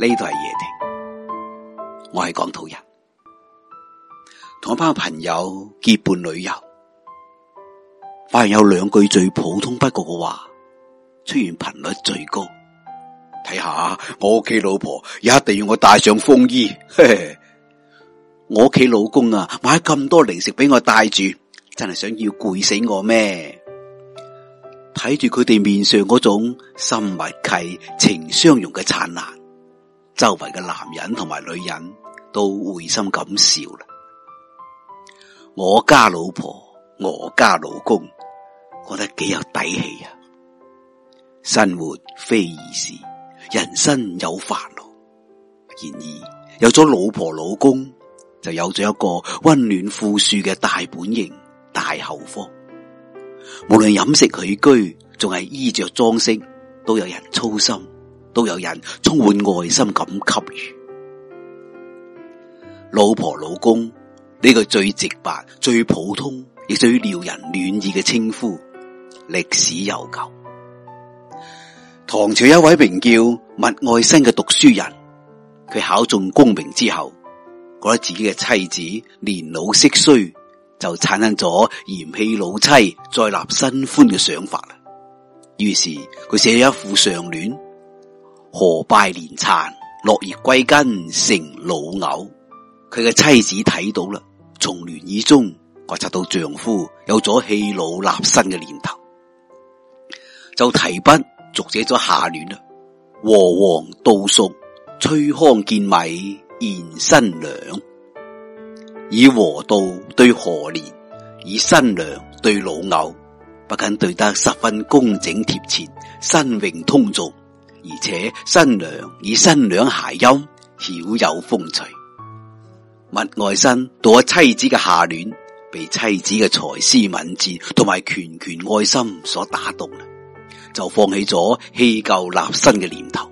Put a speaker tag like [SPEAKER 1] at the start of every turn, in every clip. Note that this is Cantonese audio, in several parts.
[SPEAKER 1] 呢度係夜亭，我係港島人，同一班朋友結伴旅遊，發現有兩句最普通不過嘅話出現頻率最高。睇下我屋企老婆，一定要我帶上風衣。嘿嘿，我屋企老公啊，買咁多零食俾我帶住，真係想要攰死我咩？睇住佢哋面上嗰種默契情相容嘅燦爛。周圍嘅男人同埋女人都會心咁笑啦。我家老婆，我家老公，覺得幾有底氣啊！生活非易事，人生有煩惱。然而有咗老婆老公，就有咗一個溫暖富庶嘅大本營、大後方。無論飲食起居，仲係衣着裝飾，都有人操心。都有人充滿愛心咁給予老婆老公呢、這個最直白、最普通亦最撩人暖意嘅稱呼，歷史悠久。唐朝一位名叫麥愛新嘅讀書人，佢考中功名之後，覺得自己嘅妻子年老色衰，就產生咗嫌棄老妻再立新歡嘅想法啦。於是佢寫咗一副上聯。荷敗蓮殘，落葉歸根成老藕。佢嘅妻子睇到啦，從聯意中覺察到丈夫有咗棄老立新嘅念頭，就提筆續寫咗下聯啦：禾黃稻熟，吹糠見米現新娘。」以禾稻對荷蓮，以新娘對老藕，不僅對得十分工整貼切，新穎通俗。而且新娘以新娘諧音，曉有風趣。麥愛新到咗妻子嘅下戀，被妻子嘅才思敏捷同埋拳拳愛心所打動，就放棄咗棄舊立新嘅念頭。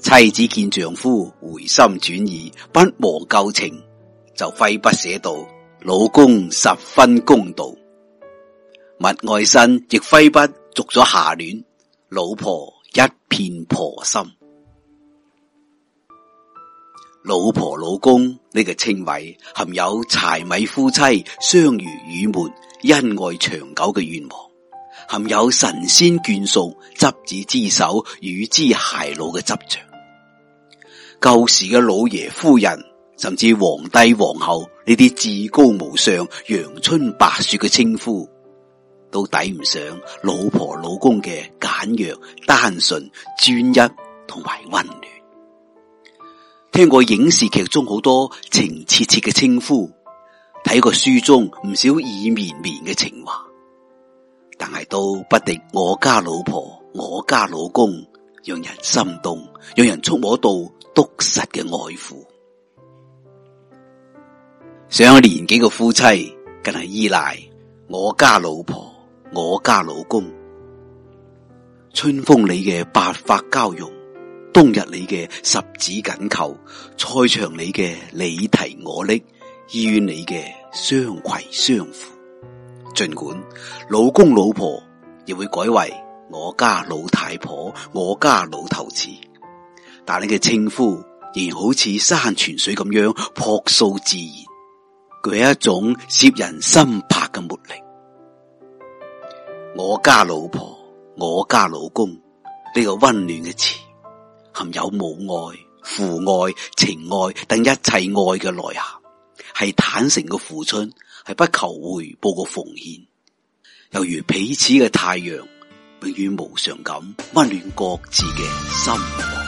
[SPEAKER 1] 妻子見丈夫回心轉意，不忘舊情，就揮筆寫道：老公十分公道。麥愛新亦揮筆續咗下戀老婆，一片婆心，老婆老公呢個稱謂，含有柴米夫妻相濡以沫、恩愛長久嘅願望，含有神仙眷屬執子之手、與之偕老嘅執着。舊時嘅老爺夫人，甚至皇帝皇后呢啲至高無上、陽春白雪嘅稱呼。都抵唔上老婆老公嘅簡約、單純、專一同埋溫暖。聽過影視劇中好多情切切嘅稱呼，睇過書中唔少意綿綿嘅情話，但係都不敵我家老婆、我家老公，讓人心動，讓人觸摸到篤實嘅愛護。上咗年紀嘅夫妻更係依賴我家老婆，我家老公，春風裏嘅白髮交融，冬日裏嘅十指緊扣，菜場裏嘅你提我拎，醫院裏嘅相攜相扶。盡管老公老婆，亦會改為我家老太婆、我家老頭子，但你嘅稱呼仍然好似山泉水咁樣樸素自然，佢係一種攝人心魄嘅魔力。我家老婆、我家老公呢個温暖嘅詞，含有母愛、父愛、情愛等一切愛嘅內涵，係坦誠嘅付出，係不求回報嘅奉獻，猶如彼此嘅太陽，永遠無常咁温暖各自嘅心。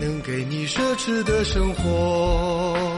[SPEAKER 2] 能給你奢侈的生活。